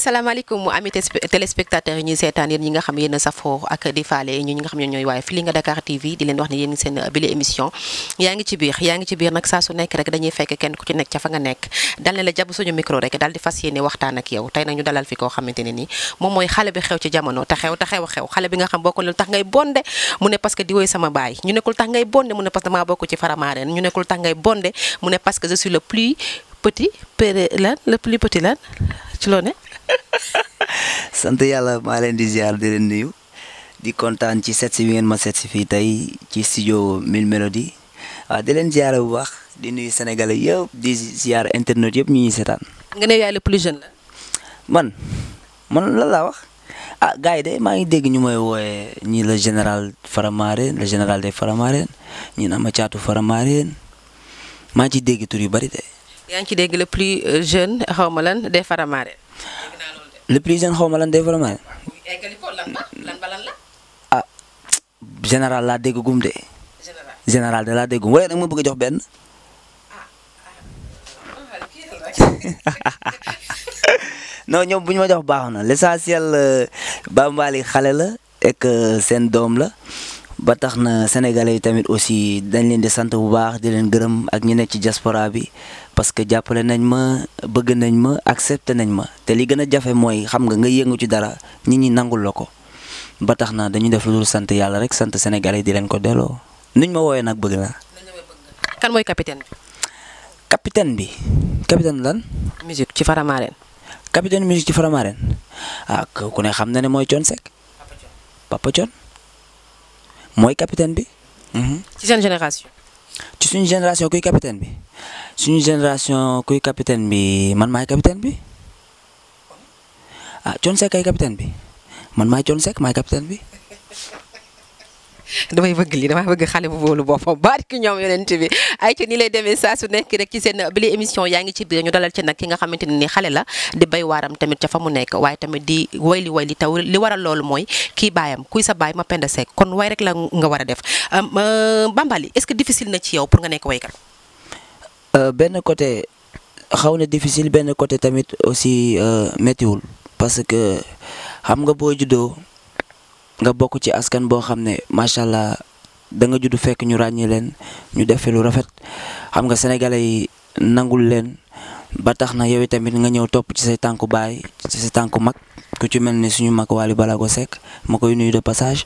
salaamaaleykum ami téléspectateurs yi ñuy seetaan yéen ñi nga xam yéen a safoo ak di faale ñu ñi nga xam ñoom ñooy waaye fi li nga Dakar TV di leen wax ne yéen ngi seen bile émission yaa ngi ci biir yaa ngi ci biir nag saa su nekk rek dañuy fekk kenn ku ci nekk ca fa nga nekk dal ne la jàpp suñu micro rek daal di fas yéene waxtaan ak yow tey nag ñu dalal fi koo xamante ne nii moom mooy xale bi xew ci jamono te xew xew a xew xale bi nga xam bokkul lu tax ngay bonde mu ne parce que di woy sama baay tax ngay le sant yàlla maa leen di ziar di leen nuyu di kontaan ci set si bi ngeen ma set si fii tey ci studio Mille Mélodies waaw di leen ziar bu baax di nuyu sénégalais yëpp di ziar internet yëpp ñu ñuy seetaan. nga ne yaay le plus jeune la. man man lan laa wax ah gars de maa ngi dégg ñu may wooye ñi le général Faramareen le général des Faramareen ñi na ma caatu Faramareen maa ngi ciy dégg tur yu bari de. yaa ngi ci dégg le plus jeune xaw lan des Faramareen le président xaw ma lan eh, ah, général la dégg de. général de laa dégg gum wala nag ma bëgg jox benn. Ah, ah, non ñoom bu ñu ma jox baax na l'essentiel euh, Bambaly xale la ek seen doom la ba tax na sénégalais yi tamit aussi dañ leen di sant bu baax di leen gërëm ak ñu nekk ci diaspora bi. parce que jàppale nañ ma bëgg nañ ma accepté nañ ma te li gën a jafe mooy xam nga nga yëngu ci dara nit ñi nangul ko ba tax na dañu def lu dul sant yàlla rek sant Sénégalais di leen ko delloo niñ ma wooyee nag bëgg naa. kan mooy capitaine bi. capitaine lan. musique ci Faramareen. capitaine musique ci Faramareen ah ku ne xam na ne mooy Thione Seck Papa capitaine bi. Mhm. ci seen génération. ci suñu génération kuy capitaine bi. suñu génération kuy capitaine bi man maay capitaine bi ah Thione Seck ay capitaine bi man maay Thione Seck maay capitaine bi. damay bëgg lii damay bëgg xale bu boolu boppam baat ki ñoom yonent bi ay ci ni lay demee saa su nekk rek ci seen bile émission yaa ngi ci biir ñu dalal ci nag ki nga xamante ne ni xale la di bay waaram tamit ca fa mu nekk waaye tamit di wayli wayli taw li waral loolu mooy kii baayam kuy sa baay ma penda Seck kon way rek la nga war def euh, Bambaly est-ce na ci yow pour nga nekk waykat Euh, benn côté xaw na difficile benn côté tamit aussi euh, méttiwul parce que xam nga boo juddoo nga bokk ci askan boo xam ne macha allah da nga judd fekk ñu ràññi leen ñu def fi lu rafet xam nga sénégalais yi nangul leen ba tax na yow tamit nga ñëw topp ci say tànku baay ci say tànku mag ku ci mel ni suñu mag Wally Ballago Seck ma koy nuyu de passage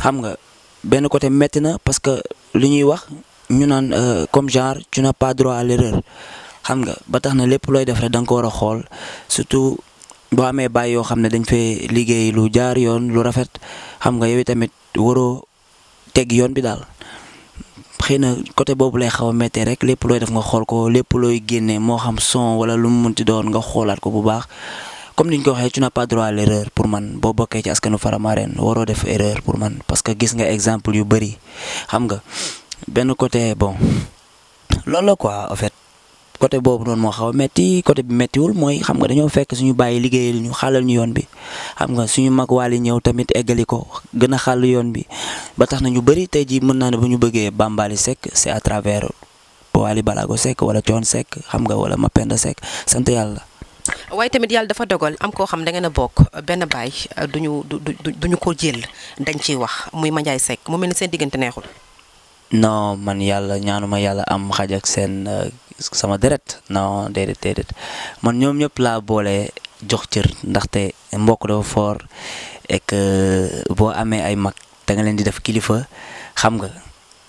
xam nga benn côté métti na parce que li ñuy wax. ñu naan euh, comme genre tu n'as pas droit à l'erreur xam nga ba tax na lépp looy def rek da ko war a xool surtout boo amee bàyyi yoo xam ne dañ fee liggéey lu jaar yoon lu rafet xam nga yow tamit waroo teg yoon bi daal. xëy na côté boobu lay xaw a méttee rek lépp looy def nga xool ko lépp looy génnee moo xam son wala lu mu ti doon nga xoolaat ko bu baax comme ni ñu ko waxee tu n'as pas droit à l'erreur pour man boo bokkee ci askanu Faramareen waroo def erreur pour man parce que gis nga exemple yu bëri xam nga. benn côté bon loolu la quoi en fait côté boobu noonu moo xaw metti métti côté bi méttiwul mooy xam nga dañoo fekk suñu bàyyi liggéeyal ñu xalal ñu yoon bi xam nga suñu mag waali ñëw tamit eggali ko gën a xàll yoon bi ba tax na ñu bëri tey jii mën naa ne bu ñu bëggee Bambaly Seck c'est à travers Waly Balago Seck wala Thione Seck xam nga wala Mapenda Seck sant yàlla. waaye tamit yàlla dafa dogal am koo xam da ngeen a bokk benn baay duñu duñu ko jël dañ ciy wax muy Mandiaye Seck mu mel ni seen diggante neexul. non man yàlla ñaanuma yàlla am xaj seen euh, sama deret non déedéet déedéet man ñoom ñëpp laa boole jox cër ndaxte mbokk dafa foor et euh, boo amee ay mag da leen di def kilifa xam nga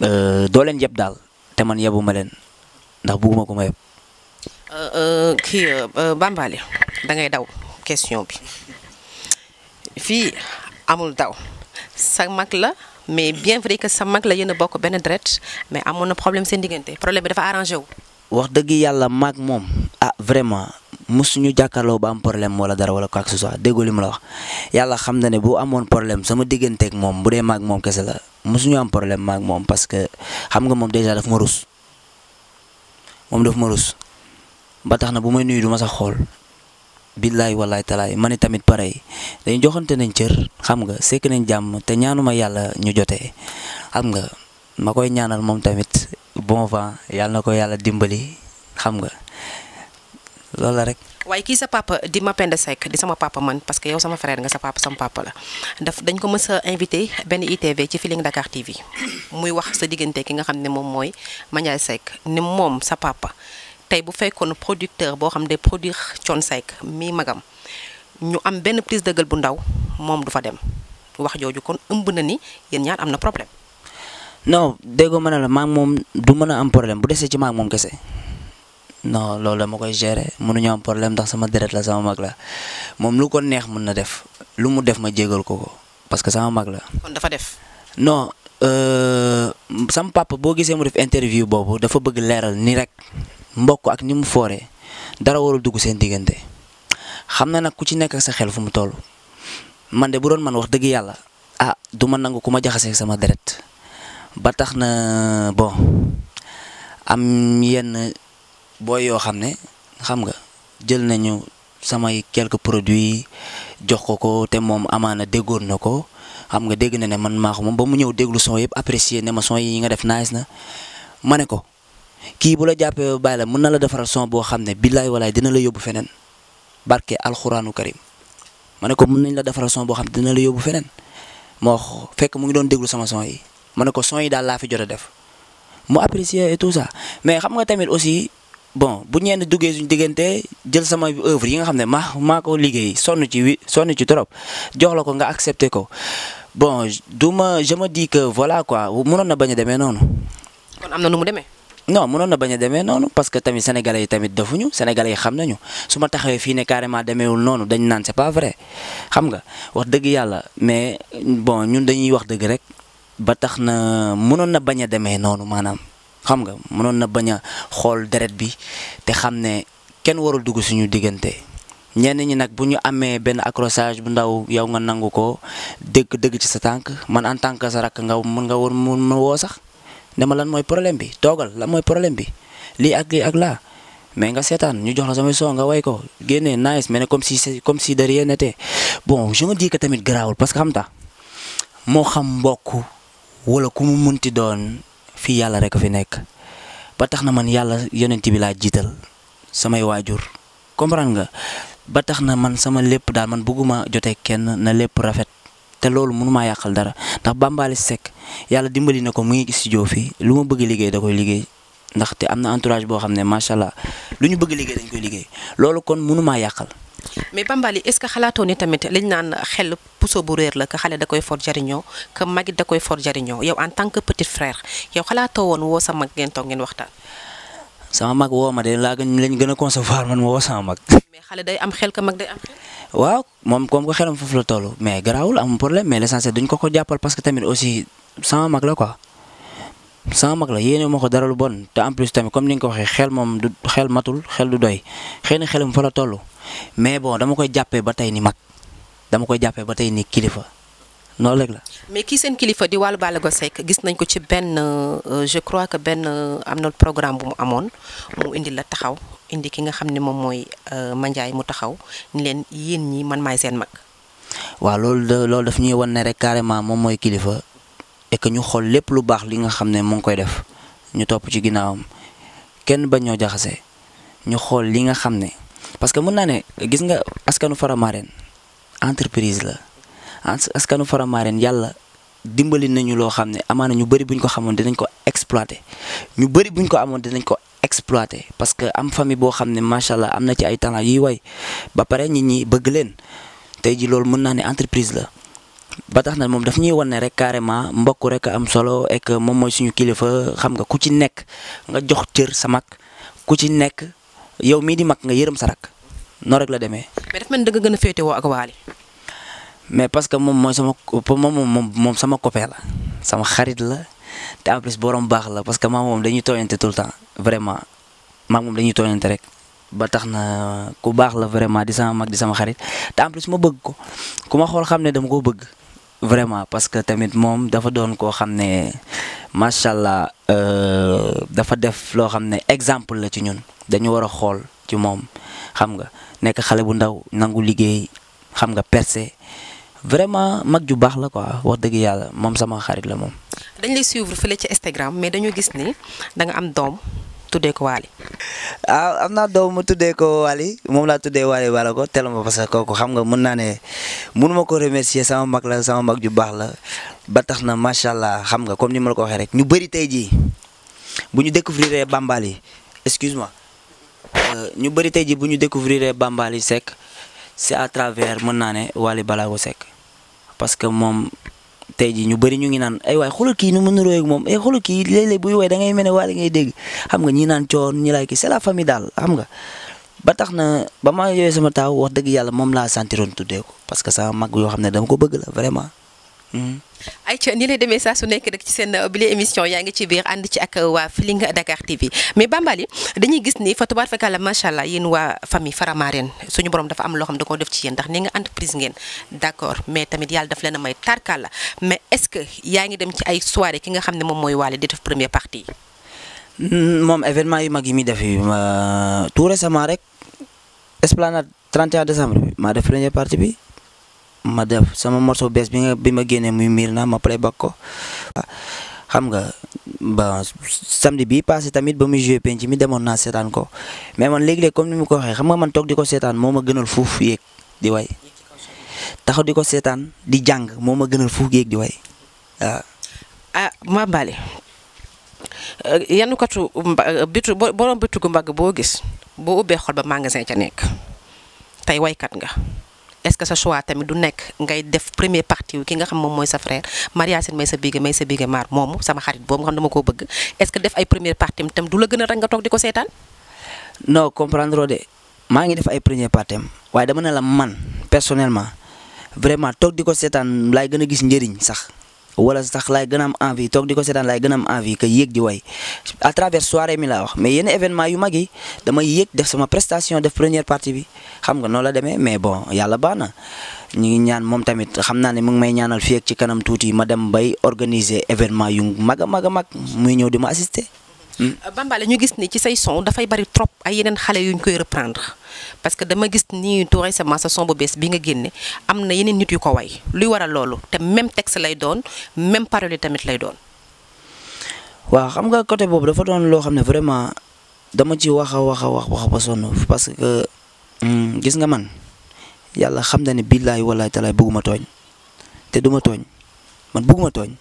euh, doo leen yeb daal te man yebuma leen ndax bugguma ko ma yeb. kii Bambaly da daw question bi fii amul daw sa mag la. mais bien vrai que sa mag la yéen bokk benn deret mais amoon na problème seen diggante problème bi dafa arrangé wax dëgg yàlla maag moom ah vraiment mosuñu jàkkaarloo ba am problème wala dara wala quoi que ce déggoo li ma la wax yàlla xam na ne boo amoon problème sama digganteek moom bu dee maag moom kese la mosuñu am problème maak moom parce que xam nga moom déjà dafa ma rus moom daf ma rus ba tax na bu may nuyu du ma sax xool billaay wallaay talaay ma ne tamit pare dañu joxante nañ cër xam nga sekk nañ jàmm te ñaanuma yàlla ñu jotee xam nga ma koy ñaanal moom tamit bon vent yàlla na ko yàlla dimbali xam nga loolu rek. waaye kii sa papa di Mapenda Seck di sama papa man parce que yow sama frère nga sa papa sama papa la daf dañ ko mës a invité benn ITV ci Feeling Dakar TV muy wax sa diggante ki nga xam ne moom mooy Mandiaye Seck ni moom sa papa. tey bu fekkoon producteur boo xam ne produire Thione Seck mi magam ñu am benn prise de gueule bu ndaw moom du fa dem wax jooju kon ëmb na ni yéen ñaar am na problème. non déggoo mën a la maag moom du mën a am problème bu desee ci maag moom kese non loolu dama koy gérer mënuñu am problème ndax sama deret la sama mag la moom lu ko neex mën na def lu mu def ma jégal ko ko parce que sama mag la. kon dafa def. non euh, sam papa boo gisee mu def interview boobu dafa bëgg leeral nii rek mbokk ak ni mu fooree dara warul dugg seen diggante xam na nag ku ci nekk ak sa xel fu mu toll man de bu doon man wax dëgg yàlla ah du ma nangu ku ma jaxasee sama deret ba tax na bon am yenn booy yoo xam ne xam nga jël nañu samay quelques produits jox ko ko te moom amaana déggoon na ko xam nga dégg na ne man maa ko ba mu ñëw déglu son yëpp apprécier ne ma son yi nga def nice na ma ne ko. kii bu la jàppee ba bàyyi la mën na la defaral son boo xam ne billaay walaay dina la yóbbu feneen barke alxuraanu karim ma ne ko mën nañ la defaral son boo xam ne dina la yóbbu feneen moo fekk mu ngi doon déglu sama son yi ma ne ko son yi daal laa fi jot a def mu apprécier et tout ça mais xam nga tamit aussi bon bu ñeen duggee suñ diggante jël sama œuvre yi nga xam ne maa maa ko liggéey sonn ci wi sonn ci trop jox la ko nga accepté ko bon du ma je me dis quoi mënoon na bañ a demee noonu. non mënoon na bañ a demee noonu parce que tamit sénégalais yi tamit defuñu sénégalais yi xam nañu su ma taxawee fii ne carrément demeewul noonu dañ naan c'est pas vrai xam nga wax dëgg yàlla mais bon ñun dañuy wax dëgg rek ba tax na mënoon na bañ a demee noonu maanaam xam nga mënoon na bañ a xool deret bi te xam ne kenn warul dugg suñu diggante ñenn ñi nag bu ñu amee benn accrochage bu ndaw yow nga nangu ko dëgg dëgg ci sa tànk man en tant que sa rakk nga mën nga woon mën ma woo sax. ne ma lan mooy problème bi toogal lan mooy problème bi lii ak lii ak laa mais nga seetaan ñu jox la samay son nga way ko génnee nice mais ne comme si comme si de rien n'était bon je me dis que tamit garaawul parce que xam ta xam mbokk wala ku mu munti doon fii yàlla rek a fi nekk ba tax na man yàlla yeneen ti bi laa jiital samay waajur comprendre nga ba tax na man sama lépp daal man bëgguma jote kenn na lépp rafet. te loolu mënu maa yàqal dara ndax Bambaly Seck yàlla dimbali na ko mu ngi studio fii lu ma bëgg liggéey da koy liggéey ndaxte am na entourage boo xam ne macha allah lu ñu bëgg liggéey dañ koy liggéey loolu kon mënuma maa yàqal. mais Bambaly est-ce que xalaatoo ni tamit liñ naan xel puso bu réer la que xale da koy for jariñoo que magit da koy for jariñoo yow en tant que petit frère yow xalaatoo woon woo sa mag ngeen toog ngeen waxtaan. sama mag woo ma de laa gën lañ gën a concevoir man ma woo sama mag. mais xale day am xel ka mag waaw moom comme ko xelam foofu la toll mais garaawul amul problème mais l'essentiel duñ ko ko jàppal parce que tamit aussi sama mag la quoi sama mag la yéene ma ko dara lu bon te en plus tamit comme ni nga ko waxee xel moom du xel matul xel du doy xëy na xelam fa la toll mais bon dama koy jàppee ba tey ni mag dama koy jàppee ba tey ni kilifa. noonu rek la. mais kii seen kilifa di Wally Ballago Seck gis nañ ko ci benn euh, je crois que benn euh, am na programme bu mu amoon mu indi la taxaw indi ki nga xam ne moom mooy euh, Mandiaye mu taxaw ni leen yéen ñi man may seen mag. waaw loolu de loolu daf ñuy wan ne rek carrément moom mooy kilifa et ñu xool lépp lu baax li nga xam ne mu ngi koy def ñu topp ci ginnaawam kenn bañ ñoo jaxasee ñu xool li nga xam ne parce que mën naa ne gis nga askanu Faramareen entreprise la. Ah, askanu Faramareen yàlla dimbali nañu loo xam ne amaana ñu bëri buñ ko xamoon nañ ko exploité ñu bëri ñu ko amoon dinañ ko exploité parce que am famille boo xam ne macha allah am na ci ay talent yuy way ba pare nit ñi bëgg leen tey ji loolu mën naa ne entreprise la. ba tax na moom daf ñuy wane rek carrément mbokk rek am solo et moom mooy suñu kilifa xam nga ku ci nekk nga jox cër sa mag ku ci nekk yow mii di mag nga yërëm sa rak noo mais parce que moom mooy sama moom moom sama copain la sama xarit la te en plus borom baax la parce que maa moom dañuy tooñante tout le vraiment maa moom dañuy tooñante rek ba tax na ku baax la vraiment di sama mag di sama xarit te en plus ma bëgg ko ku ma xool xam ne dama koo bëgg vraiment parce que tamit moom dafa doon koo xam ne macha allah euh, dafa def loo xam ne exemple la ci ñun dañu war a xool ci moom xam nga nekk xale bu ndaw nangu liggéey xam nga percé vraiment mag ju baax la quoi wax dëgg yàlla moom sama xarit la moom. dañ lay suivre fële ci Instagram mais dañoo gis ni danga am doom tuddee ko waali ah am naa doom mu tuddee ko Wally moom laa tuddee Wally wala ko teel ma parce que kooku xam nga mën naa ne munuma ko remercier sama mag la sama mag ju baax la ba tax na macha allah xam nga comme ni ma la ko waxee rek ñu bëri tey jii bu ñu découvrir Bambaly excuse-moi euh, ñu bëri tey jii bu ñu découvrir Bambaly Seck c'est à travers mën naa ne Wally Balago Seck. parce que moom tey jii ñu bëri ñu ngi naan ay waay xoolal kii nu mu nuroo ak moom ay eh, xoolal kii léeg-léeg buy woy da ngay mel ne waa da ngay dégg xam nga ñi naan coon ñi laay kii c'est la famille daal xam nga ba tax na ba ma yooyu sama taaw wax dëgg yàlla moom laa santiroon tuddee ko parce que sama mag yoo xam ne dama ko bëgg la vraiment Mm-hmm. ayca ni lay demee saa su nekk rek ci seen uh, bile émission yaa ngi ci biir ànd ci ak uh, waa Feeling Dakar TV mais Bambaly dañuy gis ni fa tubaab fakala macha allah yéen waa famille Faramareen suñu borom dafa am loo xam da koo def ci yéen ndax nee nga entreprise ngeen mais tamit yàlla daf leen a may tarkalla mais est ce que yaa ngi dem ci ay soirée ki nga xam ne moom mooy waale di def première partie mm, moom événement yu mag yi muy def euh, tout récemment rek Esplanade 31 décembre bi maa def première partie bi. ma def sama morceau bees bi nga bi ma génnee muy miir naa ma play back ko xam nga ba samedi bi passé tamit ba mu joué penc mi demoon naa seetaan ko mais man léegi-léeg comme ni mu ko waxee xam nga man toog di ko seetaan moo a gënal fuuf yéeg di way taxaw di ko seetaan di jàng moo ma gënal fuuf yéeg di way waaw. ah Mame Bally euh, yenn katu euh, bitu borom gu mbagg boo gis boo ubbee xol ba magasin ca nekk tey waykat nga. est-ce que sa choix tamit du nekk ngay def première partie wu ki nga xam moom mooy sa frère Maria Sine may sa biige may sa biige maar moomu sama xarit boobu nga xam dama koo bëgg est-ce que def ay première partie tam du la gën a rek nga toog di ko seetaan. non comprendre de maa ngi def ay première partie am waaye dama ne la man personnellement vraiment toog di ko seetaan laay gën a gis njëriñ sax. wala sax laay gën a am envie toog di ko seetaan laay gën a am envie que di way à travers soirée mi laa wax mais yenn événement yu mag yi damay yéeg def sama prestation def première partie bi xam nga noonu la demee mais bon yàlla baax na ñu ngi ñaan moom tamit xam naa ne mu ngi may ñaanal fii ak ci kanam tuuti ma dem bay organiser événement yu mag a mag a mag muy ñëw di ma assister. Euh, Bambale ñu gis nii ci say son dafay bari trop ay yeneen xale yuñ koy reprendre parce que dama gis ni tout récemment sa son bu bees bi nga génnee am na yeneen nit yu ko way luy waral loolu te même texte lay doon même parole tamit lay doon. waaw xam nga côté boobu dafa doon loo xam ne vraiment dama ci wax a wax a wax wax ba sonn parce que hmm, gis nga man yàlla xam ne ne billaay walaay talaay bugguma tooñ te duma tooñ man bugguma tooñ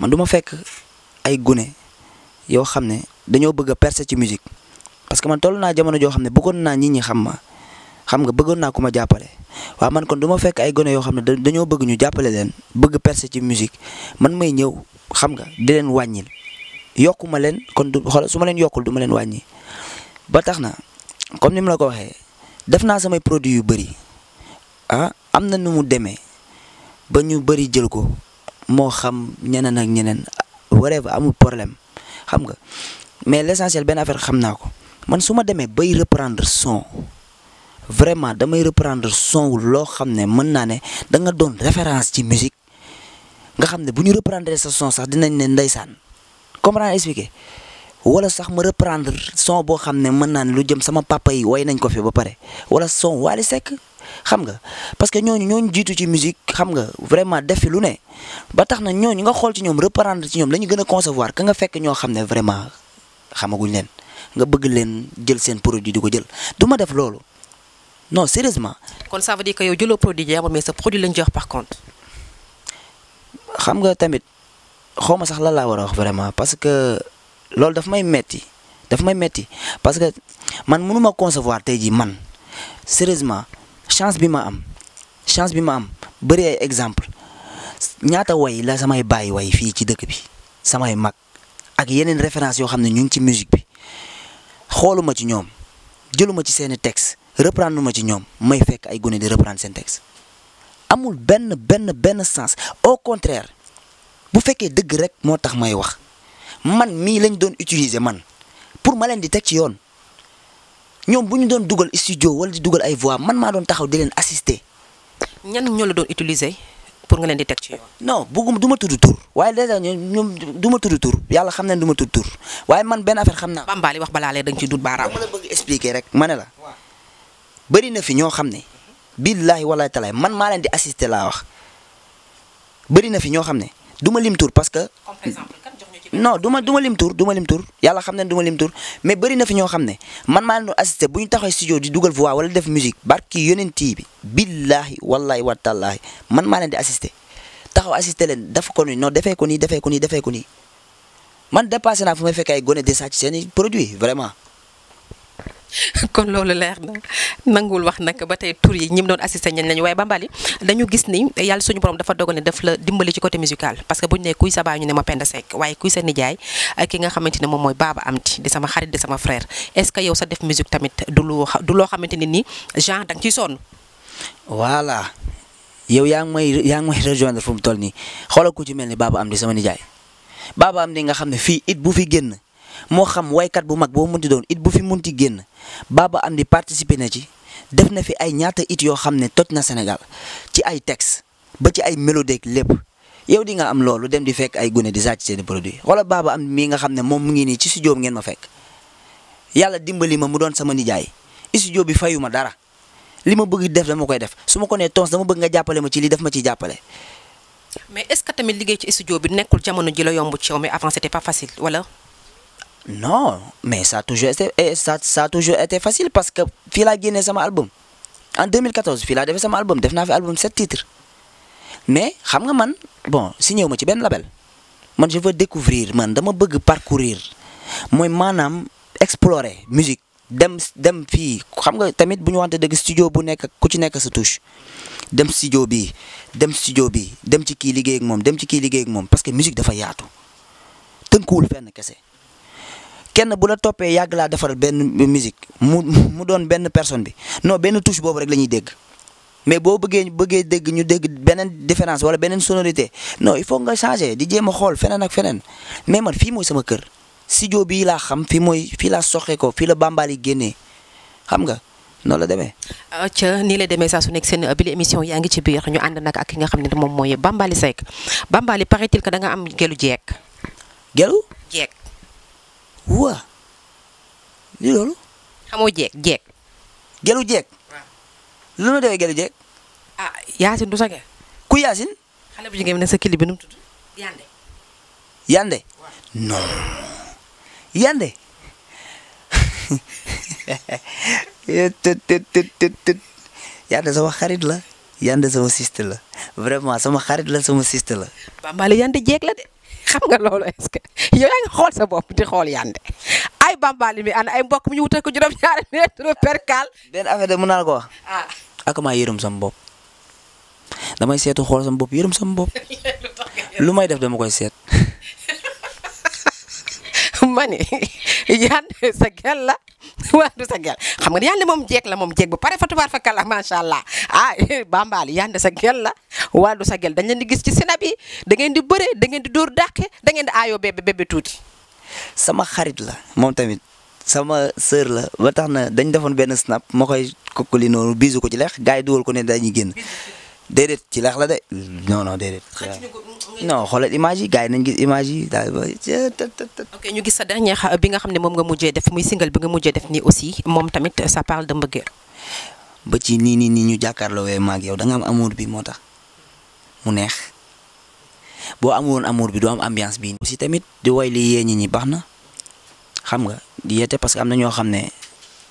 man duma fekk ay gune. yoo xam ne dañoo bëgg a ci musique parce que man toll naa jamono joo xam ne bëggoon naa nit ñi xam ma xam nga bëggoon naa ku ma jàppale waaw man kon du fekk ay gone yoo xam ne dañoo bëgg ñu jàppale leen bëgg percer ci musique man may ñëw xam nga di leen wàññil yokkuma leen kon du xool su ma leen yokkul duma leen wàññi ba tax na comme ni mu la ko waxee def naa samay produit yu bëri ah am na nu mu demee ba ñu bëri jël ko moo xam ñeneen ak ñeneen whatever amul problème xam nga mais l' essentiel benn affaire xam naa ko man su ma demee bay reprendre son vraiment damay reprendre son loo xam ne mën naa ne da nga doon référence ci musique nga xam ne bu ñu reprendre sa son sax dinañ ne ndeysaan comprendre expliqué wala sax ma reprendre son boo xam ne mën naa ne lu jëm sama papa yi way nañ ko fi ba pare wala son Wally Seck xam nga parce que ñooñu ñooñu jiitu ci musique xam nga vraiment def fi lu ne ba tax na ñooñu nga xool ci ñoom reprendre ci ñoom la ñu gën a concevoir ka nga fekk ñoo xam ne vraiment xamaguñ leen nga bëgg leen jël seen produit di ko jël du ma def loolu non sérieusement. kon ça veut dire yow jëloo produit jàmbur mais sa produit lañ jox par contre. xam nga tamit xaw sax lan laa war a wax vraiment parce que loolu dafa may metti daf may metti parce que man mënuma concevoir tey jii man sérieusement chance bi ma am chance bi ma am bëri ay exemple ñaata way la samay bàyyi way fii ci dëkk bi samay mag ak yeneen référence yoo xam ne ñu ngi ci musique bi xooluma ci ñoom jëluma ci seeni texte reprendre ma ci ñoom may fekk ay gone di reprendre seen texte amul benn benn benn sens au contraire bu fekkee dëgg rek moo tax may wax man mii lañ doon utiliser man pour ma leen di teg ci yoon ñoom bu ñu doon dugal studio wala di dugal ay voix man maa doon taxaw di leen assister. ñan ñoo la doon utiliser pour nga leen di teg ci yoon. non bëgguma duma tudd tur waaye dèjà ñoom du ma tudd tur yàlla xam nañ du tur waaye man benn affaire xam naa. Bambaali wax balaa lee dañ ci dut baaraam. dama rek ma ne la. bëri na fi ñoo xam ne. billaahi walaay talaay man maa leen di assister laa wax bëri na fi ñoo xam ne du ma lim tur parce que. non du ma du ma lim tur tur yàlla xam ne du ma lim tur mais bëri na fi ñoo xam ne man maa leen doon assisté bu ñu taxaw studio di dugal voix wala def musique barki yonent yi bi billaahi wallaahi watallaahi man maa leen di assisté taxaw assisté leen def ko nii non defee ko nii defee ko nii defee nii man dépassé naa fu may fekk ay gone de sàcc seeni produit vraiment kon loolu leer na nanguwul wax nag ba tey tur yi ñi mu doon assisté ñen lañu waaye mbali dañu gis ni yàlla suñu borom dafa dogal ne daf la dimbali ci côté musical parce que bu ñu nee kuy sa baay ñu ne ma Penda Seck waaye kuy sa nijaay ki nga xamante ne moom mooy Baba Amty di sama xarit di sama frère est-ce que yow sa def musique tamit du lu du loo xamante ne ni genre da nga ciy sonn. voilà yow yaa ngi may yaa ngi may rejoindre fu mu toll nii xoolal ku ci mel ni Baba Amty sama nijaay Baba Amty nga xam ne fii it bu fi génn. moo xam waykat bu mag boo munti doon it bu fi munti génn Baba Hamdy participer na ci def na fi ay ñaata it yoo xam ne toj na Sénégal ci ay texte ba ci ay mélodie lépp yow di nga am loolu dem di fekk ay gune di sàcc seen produit wala Baba Hamdy mii nga xam ne moom mu ngi nii ci studio ngeen ma fekk yàlla dimbali ma mu doon sama nijaay studio bi fayu ma dara li ma bëgg def dama koy def su ma ko nee tons dama bëgg nga jàppale ma ci lii daf ma ciy jàppale. mais est-ce que tamit liggéey ci studio bi nekkul jamono ji la yomb ci yow non mais ça a toujours été eh, ça ça a toujours facile parce que fii laa génnee sama album en 2014 fii laa defee sama album def naa fi album sept titres mais xam nga man bon si ñëw ma ci benn label man je veux découvrir man dama bëgg parcourir mooy maanaam explorer musique dem dem fii xam nga tamit bu ñu waxante dëgg studio bu nekk ku ci nekk sa touche dem studio bi dem studio bi dem ci kii liggéey ak moom dem ci kii liggéey ak moom parce que musique dafa yaatu tënkuwul fenn kese. kenn bu la toppee yàgg laa defar benn musique mu mu doon benn personne bi non benn touche boobu rek la ñuy dégg mais boo bëggee bëggee dégg ñu dégg beneen différence wala beneen sonorité non il faut nga changer di jéem a xool feneen ak feneen mais man fii mooy sama kër studio bii laa xam fii mooy fii laa soxe ko fii la bambal yi génnee xam nga noonu la demee. ca nii la demee saa su nekk seen uh, bile émission yaa ngi ci biir ñu ànd nag ak ki nga xam ne moom mooy Bambaly Seck Bambaly paraît-il que da nga am gelu jeeg. gelu jeeg. waa lii loolu. xamoo jeeg jeeg. gelu jeeg. lu ma déggee gelu jeeg. ah Yacine du sa gel. ku Yacine. xale bu jigéen bi ne sa clip Yande. Yande. non Yande. Yande sama xarit la. Yande sama siste la. vraiment sama xarit la sama siste la. Bambale Yande jeeg la de. xam nga loolu est-ce que yow yaa ngi xool sa bopp di xool yande ay bambali mi ana ay mbokk mi ñu wutal ko juróom-ñaari mètre percal. benn affaire de mën naa la ko wax. ah ak maa yërëm damay seetu xool sama bopp yërëm sama bopp lu may def dama koy seet. mani yande sa gel waa du sa gel xam nga yande moom jeeg la moom jeeg bu pare fa tubaar fa kàlla macha allah bambaal ah, bambaali yande sa gel la waa du sa gel dañ leen di gis ci sinab yi da ngeen di bëre da ngeen di dóor dàqe da ngeen aayo aayoo bébé bébé tuuti. sama xarit la moom tamit sama sœur la ba tax na dañ defoon benn snap moo koy ko kokkali noonu bisu ko ci leex gars yi dugal ko ne dañuy génn déedéet ci leex la de non non déedéet. non xoolal image yi gars yi nañ gis image yi daal ba ok ñu gis sa dernière euh, bi nga xam ne moom nga mujjee def muy single bi nga mujjee def nii aussi moom tamit ça parle de mbëggeel ba ci nii nii nii ñu jàkkaarloowee maag yow da nga am amur bi moo tax mu neex boo amuloon amur bi doo am ambiance bi aussi tamit di woy li yee ñi ñi baax na xam nga di yeete parce que am na ñoo xam ne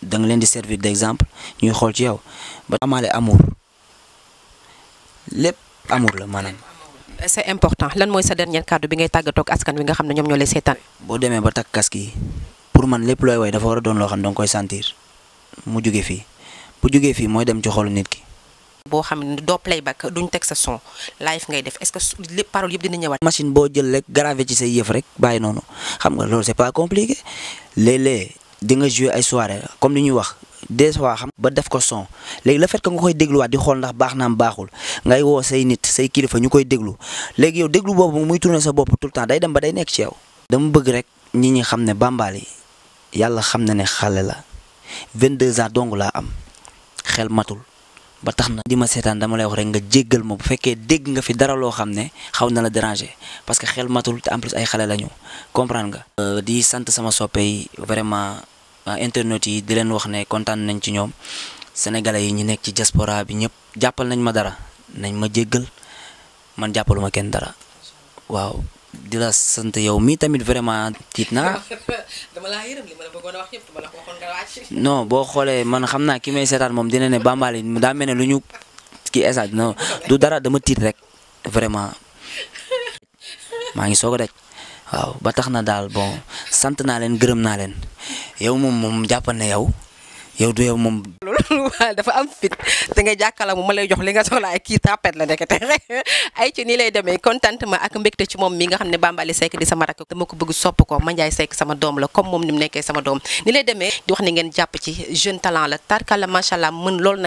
da nga leen di servir d'exemple ñuy xool ci yow ba amaale amour lépp amour la maanaam c'est important lan mooy sa dernier kàddu bi ngay tàggatoo ak askan wi nga xam ne ñoom ñoo lay seetaan. boo demee ba takk casque yi pour man lépp looy woy dafa war a doon loo xam ne danga koy sentir mu jóge fii bu jógee fii mooy dem ci xolu ki. boo xam ne doo playback duñ teg sa son live ngay def est-ce que lépp parole yëpp dina ñëwaat. machine boo jël rek gravé ci say yëf rek bàyyi noonu xam nga loolu c'est pas compliqué léeg-léeg di nga jouer ay soirée comme li ñuy wax des fois xam ba def ko son léegi la fait que nga koy dégluwaat di xool ndax baax naam baaxul ngay woo say nit say kilifa ñu koy déglu léegi yow déglu boobu muy tourner sa bopp tout le temps dem ba day nekk ci yow. dama bëgg rek ñi ñi xam ne Bambaly yàlla xam na ne xale la 22 ans dong laa am xel matul ba tax na di ma seetaan dama lay wax rek nga jéggal ma bu fekkee dégg nga fi dara loo xam ne xaw na la déranger parce que xel matul te en plus ay xale lañu comprendre nga. Euh, di sant sama soppe vraiment. Ah, internet yi di leen wax ne kontaan nañ ci ñoom sénégalais yi ñu nekk ci diaspora bi ñëpp jàppal nañ ma dara nañ ma jéggal man jàppaluma kenn dara waaw di la sant yow mii tamit vraiment tiit na dama boo xoolee man xam naa ki may seetaan moom dina ne bambali daa mel ne lu ñu kii esaat du dara dama tiit rek vraiment maa ngi soog a waaw ba tax na daal bon sant naa leen gërëm naa leen yow moom moom jàppal na yow yow du yow moom. loolu dafa am fit da nga jàkkaarloo mu ma lay jox li nga soxla ay kii tapet la ndekete ay ci nii lay demee contentement ak mbégte ci moom mi nga xam ne Bambaly Seck di sama rakk dama ko bëgg sopp ko Mandiaye Seck sama doom la moom ni mu nekkee sama doom ni lay demee di wax ni ngeen jàpp ci jeune talent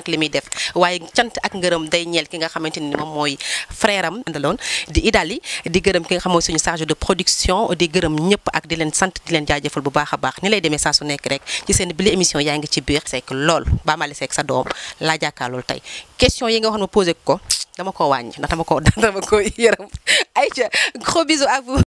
li muy def waaye cant ak ngërëm day ñeel ki nga xamante ni moom mooy frère am àndaloon di Idali di gërëm suñu charge de production di di leen sant di leen jaajëfal bu baax a baax ni lay demee nekk rek ci seen bile émission yaa ngi ci biir biir Seck lool Ba Mali Seck sa doom laa jàkkaarlool tey question yi nga xam ne posé ko dama ko wàññi ndax dama ko dama ko yërëm ay ca gros bisous à vous